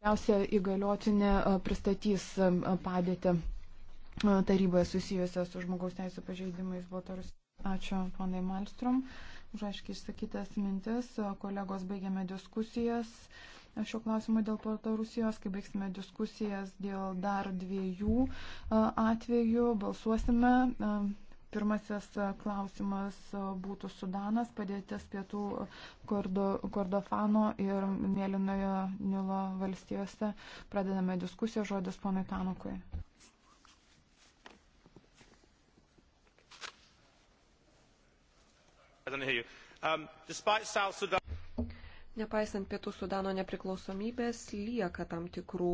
Pirmiausia, įgaliotinė e, pristatys e, padėtį e, taryboje susijusią su žmogaus teisų pažeidimais Baltarusijos. Ačiū, ponai Malstrom, už aiškiai išsakytas mintis. Kolegos, baigėme diskusijas šio klausimo dėl Baltarusijos. Kai baigsime diskusijas dėl dar dviejų atvejų, balsuosime. Pirmasis e, klausimas e, būtų Sudanas, padėtis pietų e, Kordofano ir Mėlynojo Nilo valstijose. Pradedame diskusiją, žodis ponui Tanukui. Um, Nepaisant pietų Sudano nepriklausomybės, lieka tam tikrų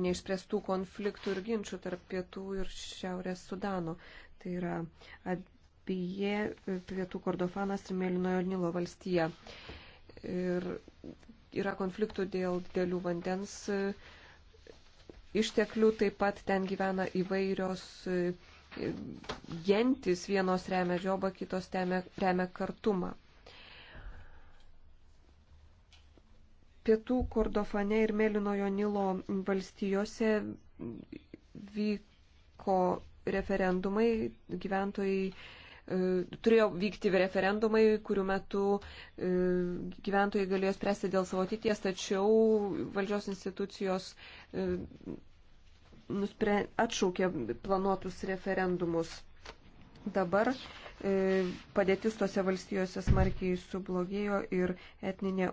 neišspręstų konfliktų ir ginčių tarp pietų ir šiaurės Sudano. Tai yra apie pietų Kordofanas ir Mėlynojo Nilo valstija. Ir yra konfliktų dėl didelių vandens e, išteklių, taip pat ten gyvena įvairios e, gentis, vienos remia žiobą, kitos remia, remia kartumą. Pietų Kordofane ir Mėlynojo Nilo valstijose vyko referendumai gyventojai e, turėjo vykti referendumai, kurių metu e, gyventojai galėjo spręsti dėl savo ateities, tačiau valdžios institucijos e, atšaukė planuotus referendumus. Dabar padėtis tose valstijose smarkiai sublogėjo ir etninė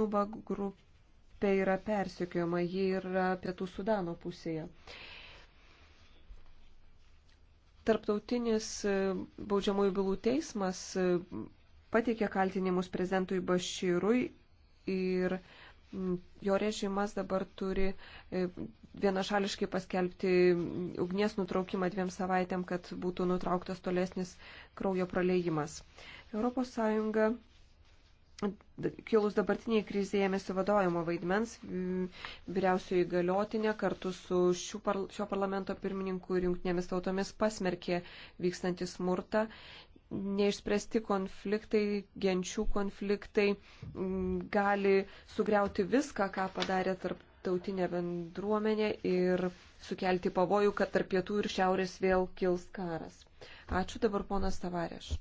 Nuba grupė yra persikiojama, ji yra pietų Sudano pusėje. E, Tarptautinis e, baudžiamųjų bylų teismas e, pateikė kaltinimus prezidentui Bašyrui ir jo režimas dabar turi e, vienašališkai paskelbti ugnies nutraukimą dviem savaitėm, kad būtų nutrauktas tolesnis kraujo praleidimas. ES Kilus dabartiniai krizėje mes įvadojimo vaidmens, mm, vyriausioji galiotinė kartu su par, šio parlamento pirmininku ir jungtinėmis tautomis pasmerkė vykstantį smurtą, neišspręsti konfliktai, genčių konfliktai mm, gali sugriauti viską, ką padarė tarptautinė bendruomenė ir sukelti pavojų, kad tarp pietų ir šiaurės vėl kils karas. Ačiū dabar ponas Tavarėš.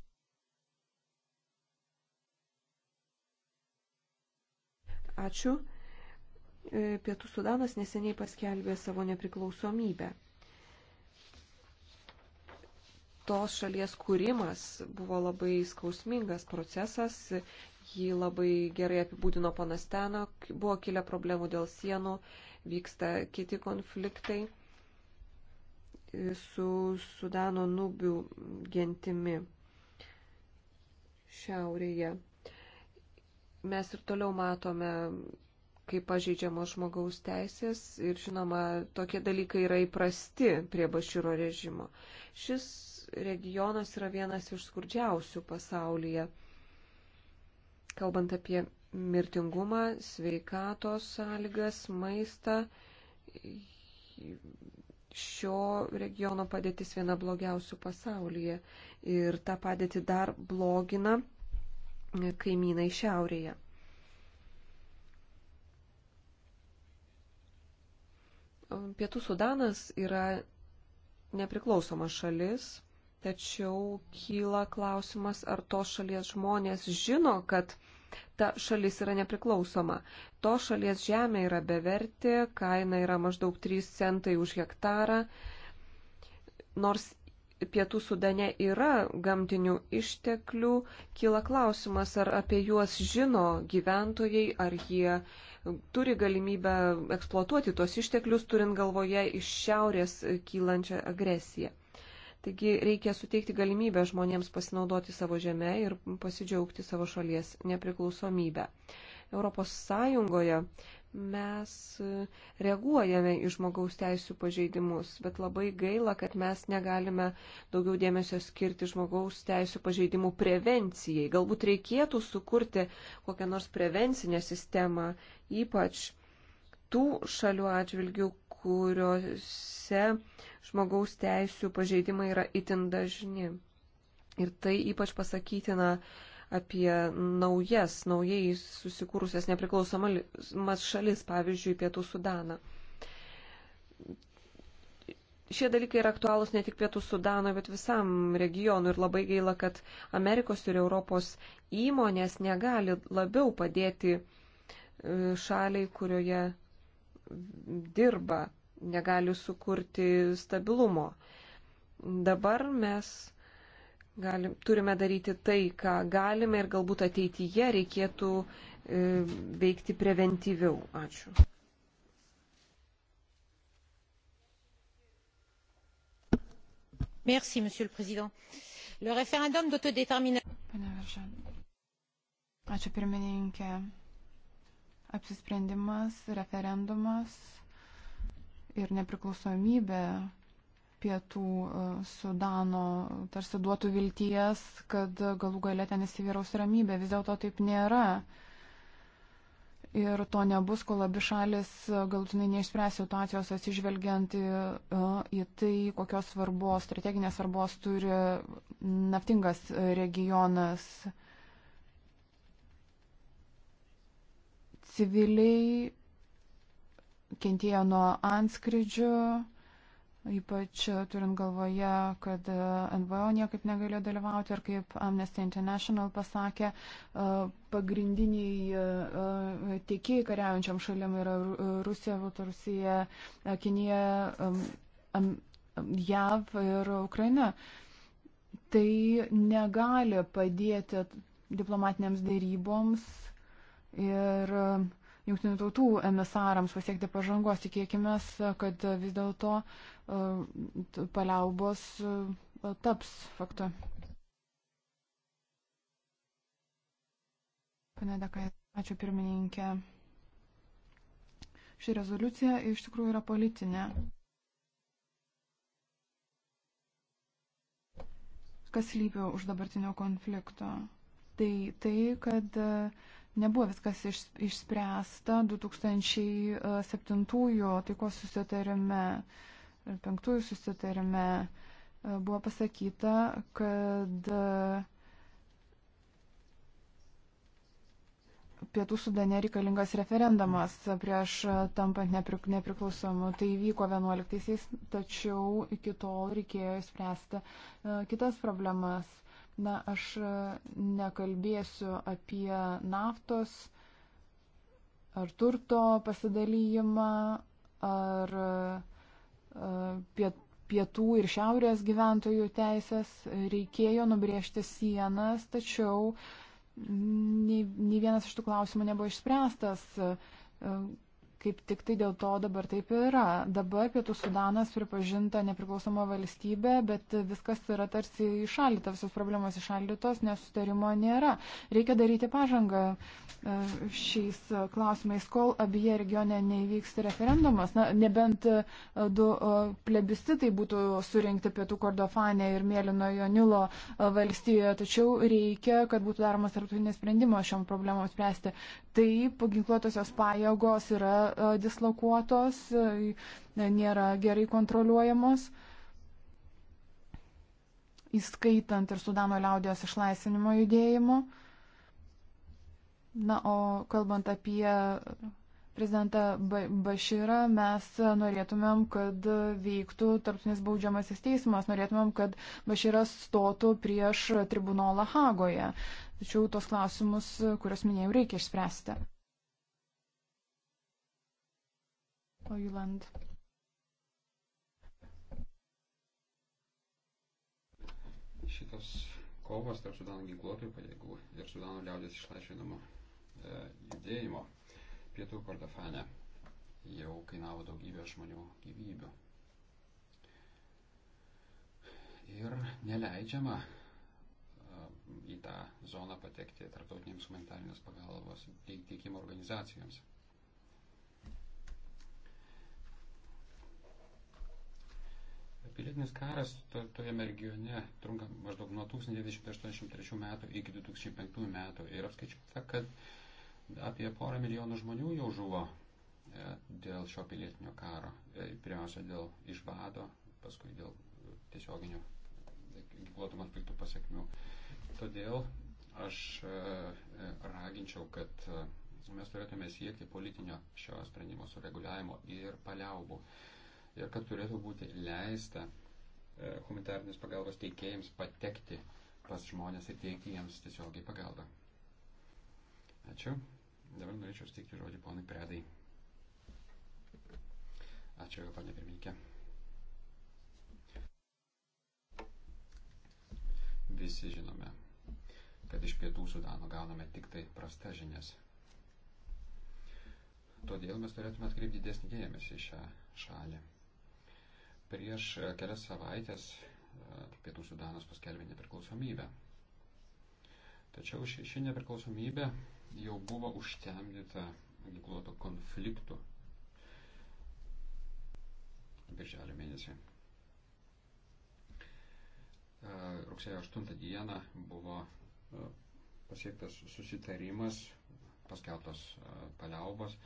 Ačiū. E, Pietų Sudanas neseniai paskelbė savo nepriklausomybę. Tos šalies kūrimas buvo labai skausmingas procesas, jį labai gerai apibūdino panas Teno, buvo kilę problemų dėl sienų, vyksta kiti konfliktai su Sudano nubių gentimi šiaurėje mes ir toliau matome, kaip pažeidžiamos žmogaus teisės ir, žinoma, tokie dalykai yra įprasti prie Baširo režimo. Šis regionas yra vienas iš skurdžiausių pasaulyje. Kalbant apie mirtingumą, sveikatos sąlygas, maistą, šio regiono padėtis viena blogiausių pasaulyje. Ir tą padėtį dar blogina kaimynai šiaurėje. Pietų Sudanas yra nepriklausoma šalis, tačiau kyla klausimas, ar tos šalies žmonės žino, kad ta šalis yra nepriklausoma. To šalies žemė yra bevertė, kaina yra maždaug 3 centai už hektarą, nors pietų sudane yra gamtinių išteklių, kyla klausimas, ar apie juos žino gyventojai, ar jie turi galimybę eksploatuoti tos išteklius, turint galvoje iš šiaurės kylančią agresiją. Taigi reikia suteikti galimybę žmonėms pasinaudoti savo žemę ir pasidžiaugti savo šalies nepriklausomybę. ES mes e, reaguojame į žmogaus teisų pažeidimus, bet labai gaila, kad mes negalime daugiau dėmesio skirti žmogaus teisų pažeidimų prevencijai. Galbūt reikėtų sukurti kokią nors prevencinę sistemą, ypač tų šalių atžvilgių, kuriuose žmogaus teisų pažeidimai yra itin dažni. Ir tai ypač pasakytina apie naujas, naujai susikūrusias nepriklausomas šalis, pavyzdžiui, Pietų Sudaną. Šie dalykai yra aktualūs ne tik Pietų Sudano, bet visam regionui ir labai gaila, kad Amerikos ir Europos įmonės negali labiau padėti e, šaliai, kurioje dirba, negali sukurti stabilumo. Dabar mes Galim, turime daryti tai, ką galime ir galbūt ateityje reikėtų e, veikti preventyviau. Ačiū. Merci, Monsieur le Président. Le référendum d'autodétermination. Ačiū pirmininkė. Apsisprendimas, referendumas ir nepriklausomybė pietų e, Sudano tarsi duotų vilties, kad galų galę ten įsivyraus ramybė. Vis dėlto taip nėra. Ir to nebus, kol abi šalis e, galutinai neišspręs situacijos atsižvelgiant į, e, į tai, kokios svarbos, strateginės svarbos turi naftingas regionas. Civiliai kentėjo nuo antskridžių Ypač turint galvoje, kad e, NVO niekaip negalėjo dalyvauti ir kaip Amnesty International pasakė, e, pagrindiniai e, tiekėjai kariaujančiam šalim yra Rusija, Baltarusija, Kinija, JAV ir Ukraina. Tai negali padėti diplomatiniams dėryboms ir uh, jungtinių tautų emisarams pasiekti pažangos. Tikėkime, kad vis dėlto e, paliaubos e, taps faktu. Pane Dekai, ačiū pirmininkė. Ši rezoliucija iš tikrųjų yra politinė. Kas lypia už dabartinio konflikto? Tai tai, kad uh, nebuvo viskas išspręsta 2007-ųjų taikos susitarime ir 5-ųjų susitarime e, buvo pasakyta, kad e, Pietų sudane reikalingas referendumas prieš tampant nepriklausomu. Tai vyko 11-aisiais, tačiau iki tol reikėjo įspręsti e, kitas problemas Na, aš e, nekalbėsiu apie naftos ar turto pasidalyjimą ar e, e, pietų ir šiaurės gyventojų teisės. Reikėjo nubriežti sienas, tačiau nei, nei vienas iš tų klausimų nebuvo išspręstas Kaip tik tai dėl to dabar taip yra. Dabar Pietų Sudanas pripažinta nepriklausoma valstybė, bet viskas yra tarsi išalyta, visos problemos išalytos, nes sutarimo nėra. Reikia daryti pažangą e, šiais klausimais, kol abie regione neįvyks referendumas. Na, nebent e, du e, plebiscitai būtų surinkti Pietų Kordofane ir Mėlynojo Nilo valstijoje, tačiau reikia, kad būtų daromas tarptautinis sprendimas šiom problemom spręsti. Taip, ginkluotosios pajėgos yra E, dislokuotos, e, nėra gerai kontroliuojamos, įskaitant ir Sudano liaudijos išlaisvinimo judėjimo. Na, o kalbant apie prezidentą Bašyrą, mes norėtumėm, kad veiktų tarptinis baudžiamasis teismas, norėtumėm, kad Bašyras stotų prieš tribunolą Hagoje. Tačiau tos klausimus, kuriuos minėjau, reikia išspręsti. Ojuland. Šitas kovas tarp Sudano ginkluotųjų pajėgų ir Sudano liaudės išlaisvinimo e, judėjimo pietų Kordofane jau kainavo daugybę žmonių gyvybių. Ir neleidžiama e, į tą zoną patekti tarptautinėms humanitarinės pagalbos teikimo organizacijoms. Pilietinis karas to, tojame regione trunka maždaug nuo 1983 metų iki 2005 metų ir apskaičiuota, kad apie porą milijonų žmonių jau žuvo e, dėl šio pilietinio karo. E, pirmiausia, dėl išvado, paskui dėl tiesioginių ginkluotumas piktų pasiekmių. Todėl aš e, raginčiau, kad mes turėtume siekti politinio šio sprendimo sureguliavimo ir paliaubų ir kad turėtų būti leista e, humanitarnės pagalbos teikėjams patekti pas žmonės ir teikti jiems tiesiogiai pagalbą. Ačiū. Dabar norėčiau steikti žodį ponui Predai. Ačiū, panė pirmininkė. Visi žinome, kad iš pietų Sudano gauname tik tai prastas žinias. Todėl mes turėtume atkreipti didesnį dėmesį į šią šalį. Prieš e, kelias savaitės e, Pietų Sudanas paskelbė nepriklausomybę. Tačiau ši, ši nepriklausomybė jau buvo užtemdyta ginkluoto konfliktų birželio mėnesį. E, rugsėjo 8 dieną buvo pasiektas susitarimas, paskeltos paliaubos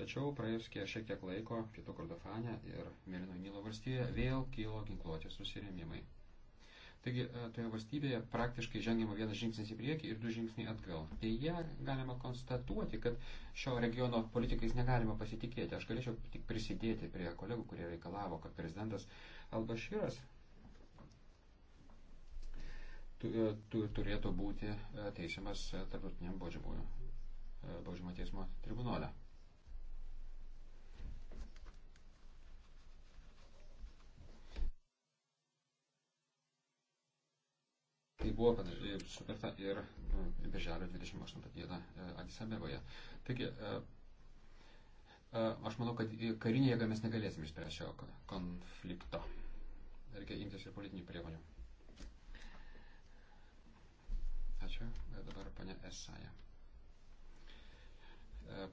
Tačiau praėjus kiek šiek tiek laiko Pietų Kordofane ir Mėlyno Nilo valstybėje vėl kilo ginkluoti susirėmimai. Taigi e, toje valstybėje praktiškai žengiama vienas žingsnis į priekį ir du žingsniai atgal. Deja, galima konstatuoti, kad šio regiono politikais negalima pasitikėti. Aš galėčiau tik prisidėti prie kolegų, kurie reikalavo, kad prezidentas Albašyras e, turėtų būti e, teisiamas tarptautiniam baudžiamo teismo tribunolė. Tai buvo sutarta ir nu, birželio 28 dieną e, Adisabeboje. Taigi, e, e, aš manau, kad karinė jėga mes negalėsim išspręsti šio konflikto. Reikia imtis ir politinių priemonių. Ačiū. Dabar ponia Esaja.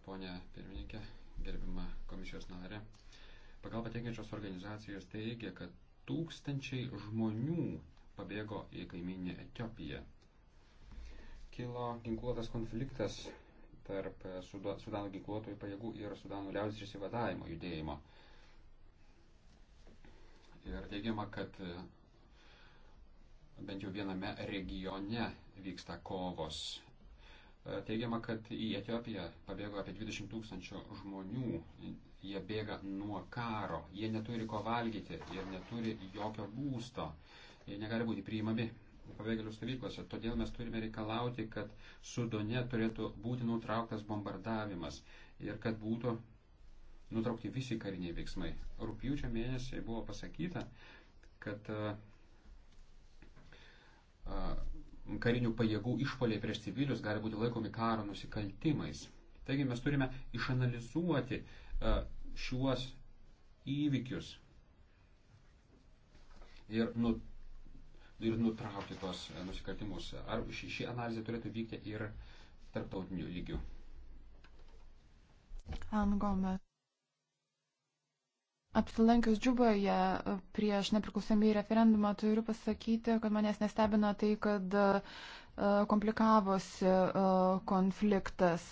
Pone pirmininkė, gerbima komisijos narė. Pagal pateikiančios organizacijos teigia, kad tūkstančiai žmonių pabėgo į kaiminį Etiopiją. Kilo ginkluotas konfliktas tarp Sudano ginkluotojų pajėgų ir Sudano liaudės išsivadavimo judėjimo. Ir teigiama, kad e, bent jau viename regione vyksta kovos. E, teigiama, kad į Etiopiją pabėgo apie 20 tūkstančių žmonių. Jie bėga nuo karo, jie neturi ko valgyti ir neturi jokio būsto. Uh, Jie negali būti priimami pabėgėlių stovyklose. Todėl mes turime reikalauti, kad Sudone turėtų būti nutrauktas bombardavimas ir kad būtų nutraukti visi kariniai veiksmai. Rūpjūčio mėnesį buvo pasakyta, kad a, e, a, e, karinių pajėgų išpoliai prieš civilius gali būti laikomi karo nusikaltimais. Taigi mes turime išanalizuoti a, e, šiuos įvykius ir nu, ir nutraukti tos e, nusikaltimus. Ar ši, ši analizė turėtų vykti ir tarptautiniu lygiu? Angome. Apsilankius Džuboje e, prieš nepriklausomybę referendumą turiu pasakyti, kad manęs nestebina tai, kad e, komplikavosi konfliktas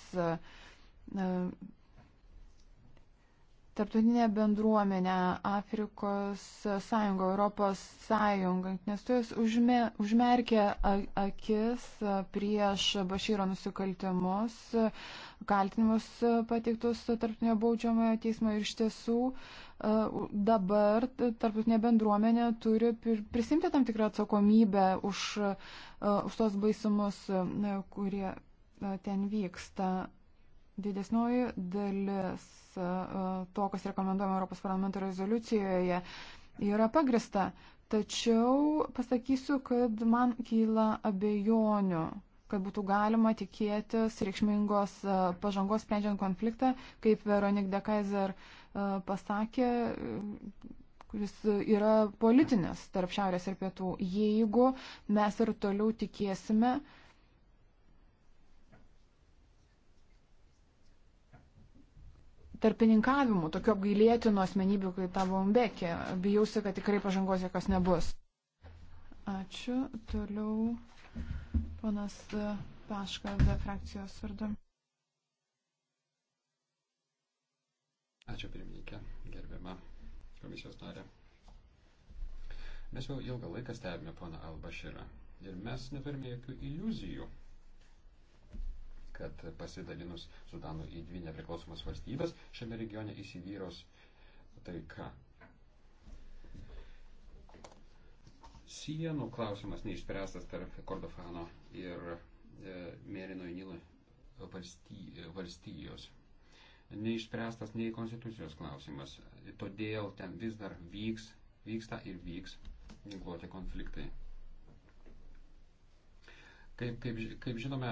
Tarptautinė bendruomenė, Afrikos sąjunga, Europos sąjunga, nes tu jis užme, užmerkė akis prieš Bašyro nusikaltimus, kaltinimus pateiktus tarptautinio baudžiamojo teismo ir iš tiesų dabar tarptautinė bendruomenė turi prisimti tam tikrą atsakomybę už, už tos baisumus, kurie ten vyksta. Didesnioji dalis e, to, kas rekomenduojama Europos parlamento rezoliucijoje, yra pagrista. Tačiau pasakysiu, kad man kyla abejonių, kad būtų galima tikėtis reikšmingos e, pažangos sprendžiant konfliktą, kaip Veronik de Kaiser e, pasakė, kuris yra politinis tarp šiaurės ir pietų. Jeigu mes ir toliau tikėsime, uh, tarpininkavimu, tokiu apgailėtinu asmenybiu kaip tavo Umbekė. Bijausi, kad tikrai pažangos jokios nebus. Ačiū. Toliau ponas Paškas, frakcijos vardu. Ačiū pirmininkė, gerbiama komisijos narė. Mes jau ilgą laiką stebime poną Albaširą ir mes neturime jokių iliuzijų kad pasidalinus Sudanų į dvi nepriklausomas valstybės šiame regione įsivyros taika. Sienų klausimas neišspręstas tarp Kordofano ir e, Mėlynojo Nilo valstijos. Neišspręstas nei konstitucijos klausimas. Todėl ten vis dar vyks, vyksta ir vyks ginkluoti konfliktai. Kaip, kaip, kaip žinome,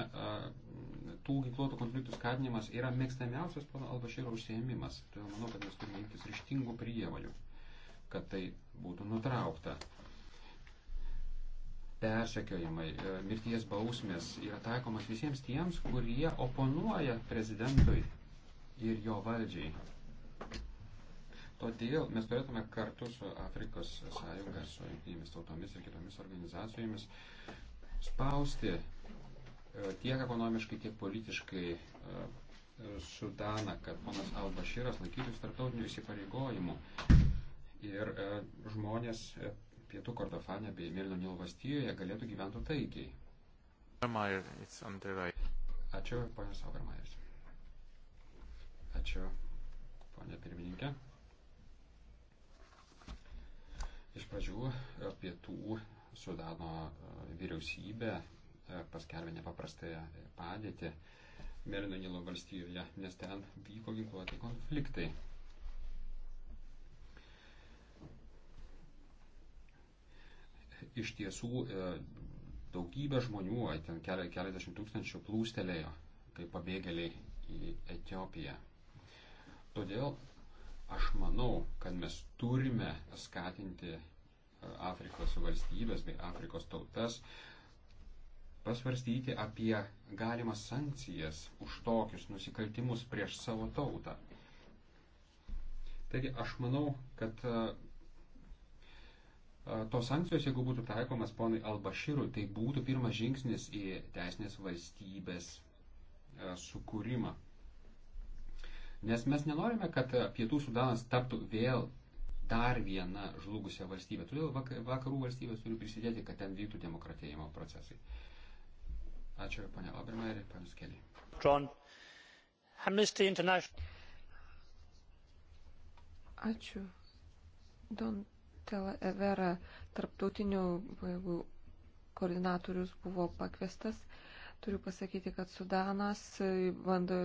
tų ginkluotų konfliktų skatinimas yra mėgstamiausias pono Albašyro užsiemimas. Todėl tai manau, kad mes turime imtis ryštingų prievalių, kad tai būtų nutraukta. Persekiojimai, e, mirties bausmės yra taikomas visiems tiems, kurie oponuoja prezidentui ir jo valdžiai. Todėl mes turėtume kartu su Afrikos sąjunga, su jungtinėmis tautomis ir kitomis organizacijomis spausti e, tiek ekonomiškai, tiek politiškai e, Sudaną, kad ponas Albašyras laikytųsi tarptautinių įsipareigojimų ir e, žmonės pietų Kordofane bei Mirno Nilo valstijoje galėtų gyventi taikiai. Ačiū, ponas Obermajeris. Ačiū, ponė pirmininkė. Iš pradžių pietų Sudano e, vyriausybė e, paskelbė nepaprastąją padėtį Mėlyno Nilo valstijoje, nes ten vyko ginkluoti konfliktai. Iš tiesų e, daugybė žmonių, ten keliasdešimt tūkstančių plūstelėjo kaip pabėgėliai į Etiopiją. Todėl aš manau, kad mes turime skatinti Afrikos valstybės bei Afrikos tautas pasvarstyti apie galimas sankcijas už tokius nusikaltimus prieš savo tautą. Taigi aš manau, kad e, e, tos sankcijos, jeigu būtų taikomas ponui Albaširui, tai būtų pirmas žingsnis į teisinės valstybės e, sukūrimą. Nes mes nenorime, kad Pietų Sudanas taptų vėl dar vieną žlugusią valstybę. Todėl vakarų valstybės turi prisidėti, kad ten vyktų demokratėjimo procesai. Ačiū, ponia Obermeier, panas Kelly. John, Amnesty International. Ačiū. Don Tela Evera, tarptautinių pajėgų koordinatorius, buvo pakviestas. Turiu pasakyti, kad Sudanas, bando,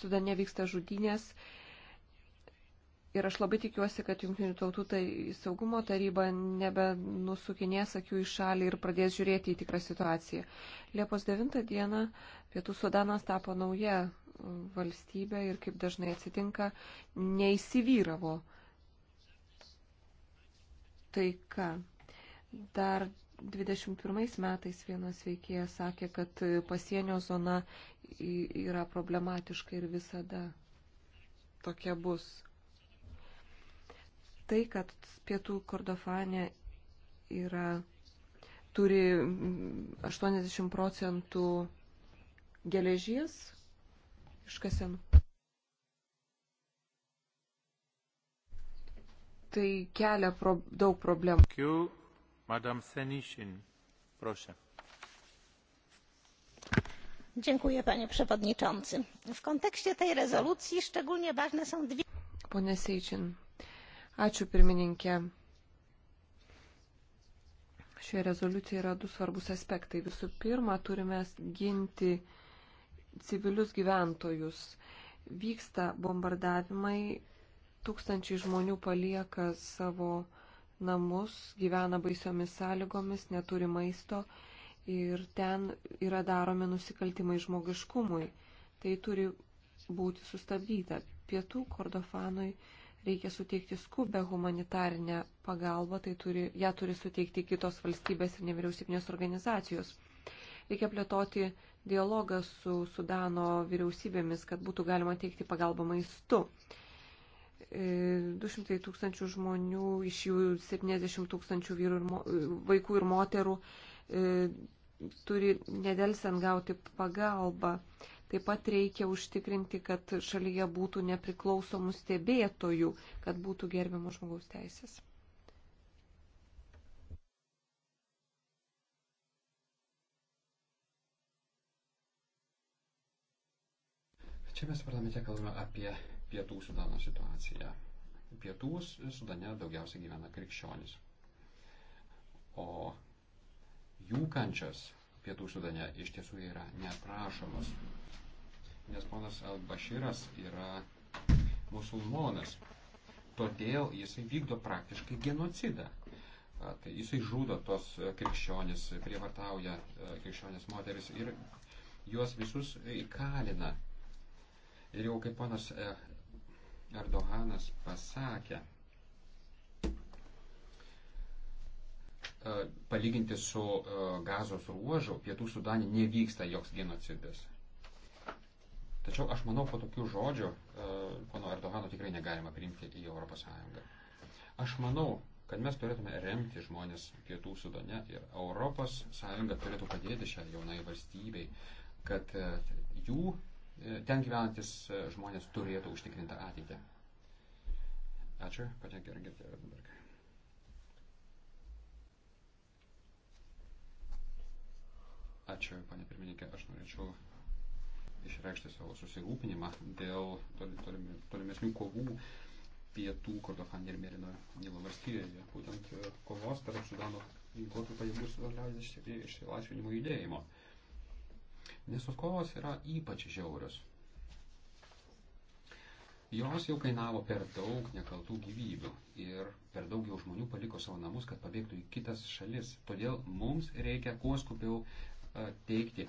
Sudane vyksta žudynės Ir aš labai tikiuosi, kad Junktinių tautų tai saugumo taryba nebenusukinės akių į šalį ir pradės žiūrėti į tikrą situaciją. Liepos 9 dieną Pietų Sudanas tapo nauja uh, valstybė ir, kaip dažnai atsitinka, neįsivyravo taika. Dar 21 metais vienas veikėjas sakė, kad pasienio zona yra problematiška ir visada tokia bus tai, kad pietų Kordofanė yra, turi 80 procentų geležies iškasenų. Tai kelia pro, daug problemų. Ačiū, madam Senishin, proszę. Dziękuję, panie przewodniczący. W kontekście tej rezolucji szczególnie ważne są dwie. Pone Sejczyn, Ačiū pirmininkė. Šioje rezoliucijoje yra du svarbus aspektai. Visų pirma, turime ginti civilius gyventojus. Vyksta bombardavimai, tūkstančiai žmonių palieka savo namus, gyvena baisiomis sąlygomis, neturi maisto ir ten yra daromi nusikaltimai žmogiškumui. Tai turi būti sustabdyta. Pietų Kordofanui reikia suteikti skubę humanitarinę pagalbą, tai turi, ją turi suteikti kitos valstybės ir nevyriausybinės organizacijos. Reikia plėtoti dialogą su Sudano vyriausybėmis, kad būtų galima teikti pagalbą maistu. 200 e, tūkstančių žmonių, iš jų 70 tūkstančių vyrų ir mo, vaikų ir moterų e, turi nedelsiant gauti pagalbą. Taip pat reikia užtikrinti, kad šalyje būtų nepriklausomų stebėtojų, kad būtų gerbiamos žmogaus teisės. Čia mes parlamente kalbame apie pietų sudano situaciją. Pietų sudane daugiausiai gyvena krikščionis. O jų kančios pietų sudane iš tiesų yra neprašomos. Nes ponas Albaširas yra musulmonas. Todėl jisai vykdo praktiškai genocidą. Tai jisai žudo tos krikščionis, prievartauja e, krikščionis moteris ir juos visus įkalina. Ir jau kaip ponas e, Erdoganas pasakė, E, palyginti su e, gazos ruožu, pietų Sudanė nevyksta joks genocidas. Tačiau aš manau, po tokių žodžių, e, pono Erdogano tikrai negalima priimti į ES. Aš manau, kad mes turėtume remti žmonės pietų Sudane ir ES turėtų padėti šią jaunai valstybei, kad jų ten gyvenantis žmonės turėtų užtikrintą ateitį. Ačiū, patenkia Gergertė Rodenberg. Ačiū, panė pirmininkė. Aš norėčiau išreikšti savo susirūpinimą dėl tolimesnių kovų pietų Kordofane ir Mėlyno Nilo valstijoje. Būtent kovos tarp Sudano ginkluotų pajėgų ir Sudano liaudės išsilaisvinimo judėjimo. Nes tos kovos yra ypač žiaurios. Jos jau kainavo per daug nekaltų gyvybių ir per daug jau žmonių paliko savo namus, kad pabėgtų į kitas šalis. Todėl mums reikia kuo skubiau teikti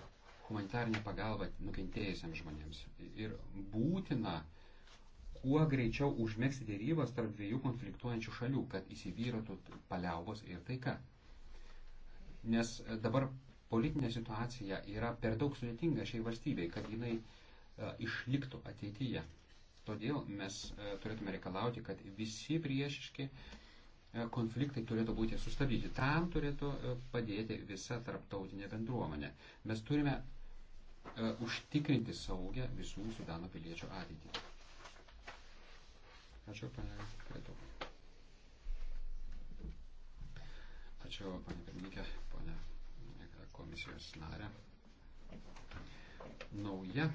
humanitarinę pagalbą nukentėjusiems žmonėms. Ir būtina kuo greičiau užmėgsti dėrybas tarp dviejų konfliktuojančių šalių, kad įsivyratų paliaubos ir taika. Nes e, dabar politinė situacija yra per daug sudėtinga šiai valstybei, kad jinai e, išliktų ateityje. Todėl mes e, turėtume reikalauti, kad visi priešiški E, konfliktai turėtų būti sustabdyti. Tam turėtų e, padėti visa tarptautinė bendruomenė. Mes turime e, užtikrinti saugę visų Sudano piliečių ateitį. Ačiū, panė Kretu. Ačiū, panė pirmininkė, panė komisijos narė. Nauja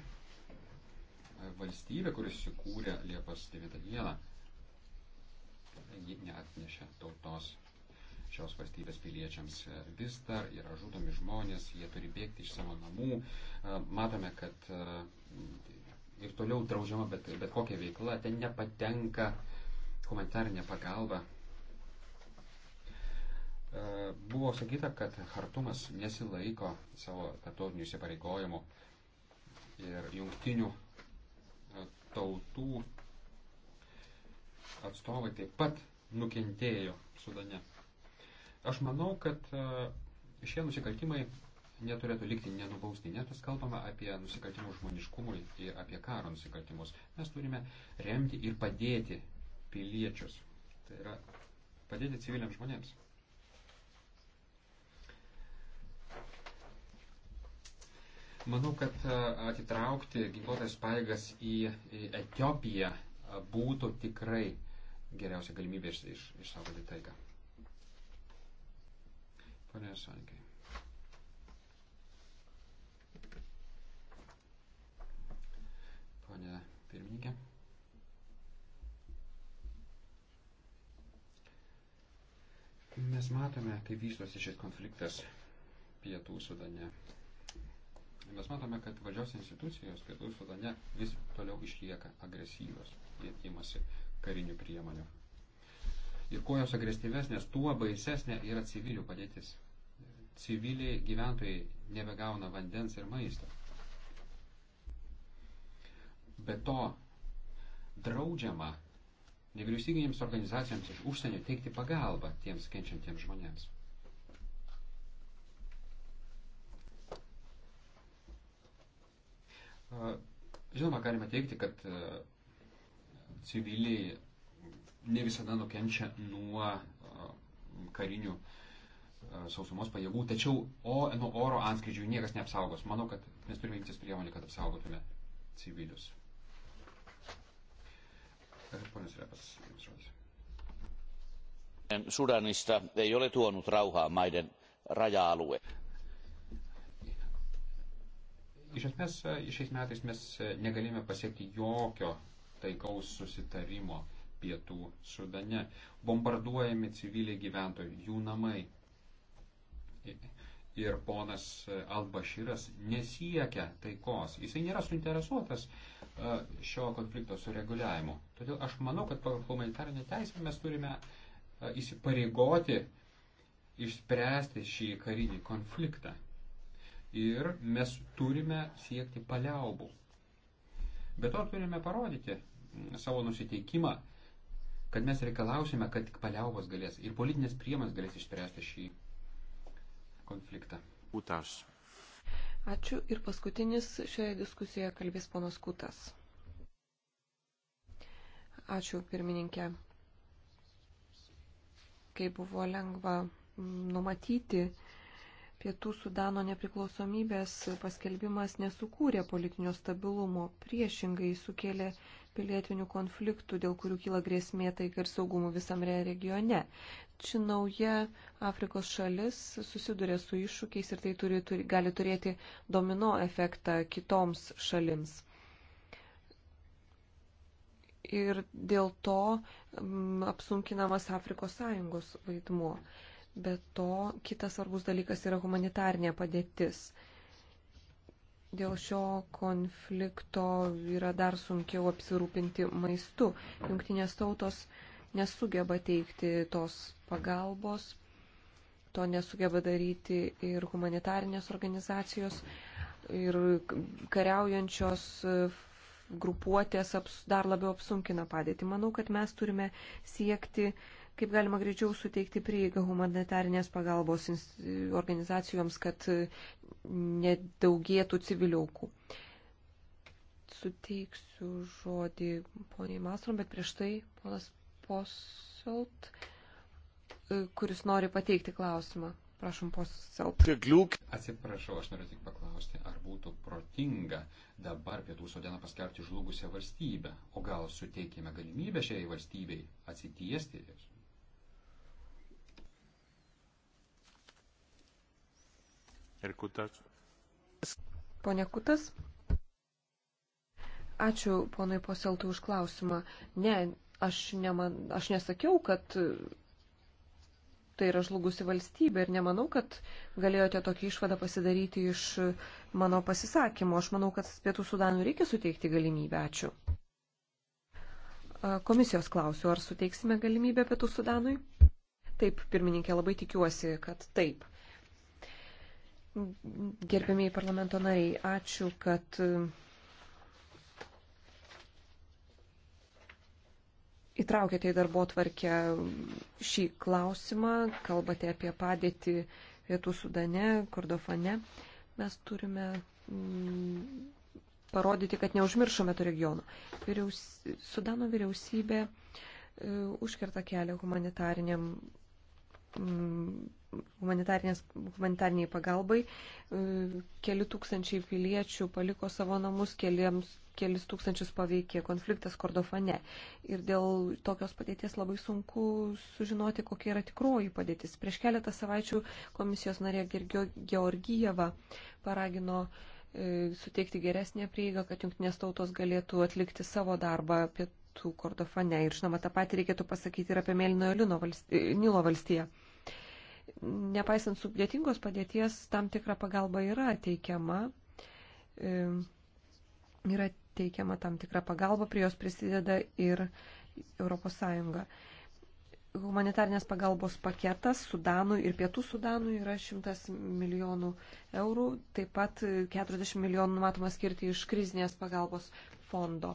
valstybė, kuris įsikūrė Liepos 9 dieną, ji neatnešė tautos šios valstybės piliečiams. Vis dar yra žudomi žmonės, jie turi bėgti iš savo namų. Matome, kad ir toliau draudžiama bet, bet kokia veikla, ten nepatenka humanitarinė pagalba. Buvo sakyta, kad Hartumas nesilaiko savo tarptautinių įsipareigojimų ir jungtinių tautų atstovai taip pat nukentėjo Sudane. Aš manau, kad e, šie nusikaltimai neturėtų likti nenubausti, nes mes kalbame apie nusikaltimus žmoniškumui ir apie karo nusikaltimus. Mes turime remti ir padėti piliečius. Tai yra padėti civiliams žmonėms. Manau, kad e, atitraukti ginkluotės paėgas į Etiopiją būtų tikrai geriausia galimybė iš, iš, išsaugoti taiką. Pane Sankiai. Pane pirmininkė. Mes matome, kaip vystosi šis konfliktas pietų sudane mes matome, kad valdžios institucijos pietų sudane vis toliau išlieka agresyvios, jie imasi karinių priemonių. Ir kuo jos agresyvesnės, tuo baisesnė yra civilių padėtis. Civiliai gyventojai nebegauna vandens ir maisto. Be to, draudžiama nevyriausybinėms organizacijoms iš užsienio teikti pagalbą tiems kenčiantiems žmonėms. Žinoma, galime teikti, kad e, civiliai ne visada nukenčia nuo karinių sausumos pajėgų, tačiau o, nuo oro antskrydžių niekas neapsaugos. Manau, kad mes turime imtis priemonį, kad apsaugotume civilius. Ponas Repas, jums žodis. Sudanista ei ole tuonut rauhaa maiden raja-alue. Iš esmės, e, šiais metais mes e, negalime pasiekti jokio taikaus susitarimo pietų Sudane. Bombarduojami civiliai gyventojai, jų namai. Ir ponas e, Albašyras nesiekia taikos. Jisai nėra suinteresuotas šio konflikto sureguliavimu. Todėl aš manau, kad pagal humanitarinę teisę mes turime įsipareigoti išspręsti šį karinį konfliktą ir mes turime siekti paliaubų. Bet to turime parodyti mm, savo nusiteikimą, kad mes reikalausime, kad tik paliaubos galės ir politinės priemonės galės išspręsti šį konfliktą. Kutas. Ačiū ir paskutinis šioje diskusijoje kalbės ponas Kutas. Ačiū pirmininkė. Kai buvo lengva numatyti, Pietų Sudano nepriklausomybės paskelbimas nesukūrė politinio stabilumo, priešingai sukėlė pilietinių konfliktų, dėl kurių kyla grėsmė taikai ir saugumų visam regione. Ši nauja Afrikos šalis susiduria su iššūkiais ir tai turi, turi, gali turėti domino efektą kitoms šalims ir dėl to m, mm, apsunkinamas Afrikos Sąjungos vaidmuo. Be to, kitas svarbus dalykas yra humanitarnė padėtis. Dėl šio konflikto yra dar sunkiau apsirūpinti maistu. Junktinės tautos nesugeba teikti tos pagalbos, to nesugeba daryti ir humanitarinės organizacijos, ir kariaujančios grupuotės dar labiau apsunkina padėtį. Manau, kad mes turime siekti kaip galima greičiau suteikti prieigą humanitarinės pagalbos organizacijoms, kad nedaugėtų civilių aukų. Suteiksiu žodį poniai Mastrom, bet prieš tai ponas Poselt, e, kuris nori pateikti klausimą. Prašom, poselt. Atsiprašau, aš noriu tik paklausti, ar būtų protinga dabar pietų sudaną paskelbti žlugusią valstybę, o gal suteikime galimybę šiai valstybei atsitiesti Ir Kutas. Pone Kutas. Ačiū ponui Poseltui už klausimą. Ne, aš, neman, aš nesakiau, kad tai yra žlugusi valstybė ir nemanau, kad galėjote tokį išvadą pasidaryti iš mano pasisakymo. Aš manau, kad Pietų Sudanui reikia suteikti galimybę. Ačiū. Komisijos klausiu, ar suteiksime galimybę Pietų Sudanui? Taip, pirmininkė, labai tikiuosi, kad taip. Gerbėmiai parlamento nariai, ačiū, kad e, įtraukėte į darbo tvarkę šį klausimą, kalbate apie padėtį Pietų Sudane, Kordofane. Mes turime mm, parodyti, kad neužmiršome to regiono. Vyriaus, Sudano vyriausybė e, užkerta kelią humanitariniam m, mm, humanitariniai pagalbai. E, keli tūkstančiai piliečių paliko savo namus, keliams, kelis tūkstančius paveikė konfliktas Kordofane. Ir dėl tokios padėties labai sunku sužinoti, kokia yra tikroji padėtis. Prieš keletą savaičių komisijos narė Georgijeva paragino e, suteikti geresnę prieigą, kad jungtinės tautos galėtų atlikti savo darbą pietų Kordofane. Ir žinoma, tą patį reikėtų pasakyti ir apie Mėlynojo valst... Nilo valstiją nepaisant sudėtingos padėties, tam tikra pagalba yra teikiama. E, yra teikiama tam tikra pagalba, prie jos prisideda ir ES. Humanitarnės pagalbos paketas Sudanui ir Pietų Sudanui yra 100 milijonų eurų, taip pat 40 milijonų matoma skirti iš krizinės pagalbos fondo.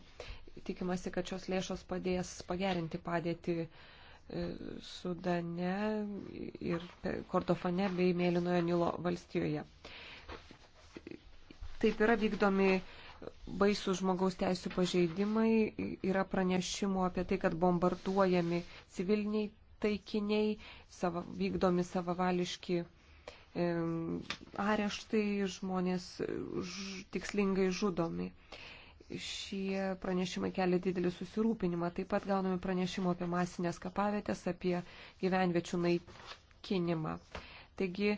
Tikimasi, kad šios lėšos padės pagerinti padėtį uh, E, Sudane ir Kordofane bei Mėlynojo Nilo valstijoje. Taip yra vykdomi baisų žmogaus teisų pažeidimai, yra pranešimų apie tai, kad bombarduojami civiliniai taikiniai, sava, vykdomi savavališki e, areštai, žmonės ž, tikslingai žudomi. E, šie pranešimai kelia didelį susirūpinimą. Taip pat gauname pranešimų apie masinės kapavietės, apie gyvenviečių naikinimą. Taigi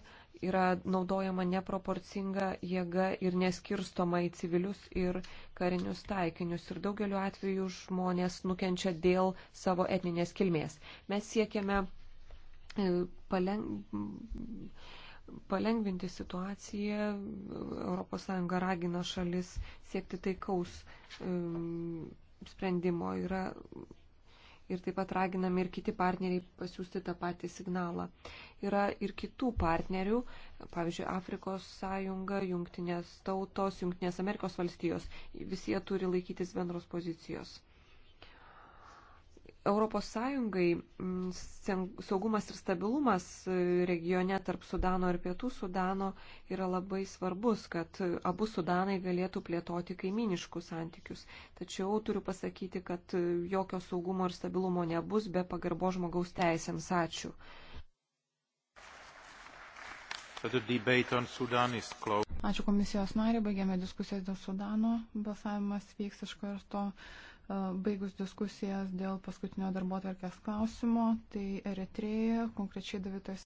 yra naudojama neproporcinga jėga ir neskirstoma į civilius ir karinius taikinius. Ir daugeliu atveju žmonės nukenčia dėl savo etninės kilmės. Mes siekiame e, paleng palengvinti situaciją. ES ragina šalis siekti taikaus sprendimo yra ir taip pat raginami ir kiti partneriai pasiūsti tą patį signalą. Yra ir kitų partnerių, pavyzdžiui, Afrikos sąjunga, Junktinės tautos, Junktinės Amerikos valstijos. Visi jie turi laikytis bendros pozicijos. Europos Sąjungai mm, saugumas ir stabilumas e, regione tarp Sudano ir Pietų Sudano yra labai svarbus, kad abu Sudanai galėtų plėtoti kaiminiškus santykius. Tačiau turiu pasakyti, kad e, jokio saugumo ir stabilumo nebus be pagarbo žmogaus teisėms. Ačiū. Ačiū komisijos nariai, baigėme diskusijas dėl Sudano, balsavimas vyks iš karto. Baigus diskusijas dėl paskutinio darbo tvarkės klausimo, tai Eritreja, konkrečiai 9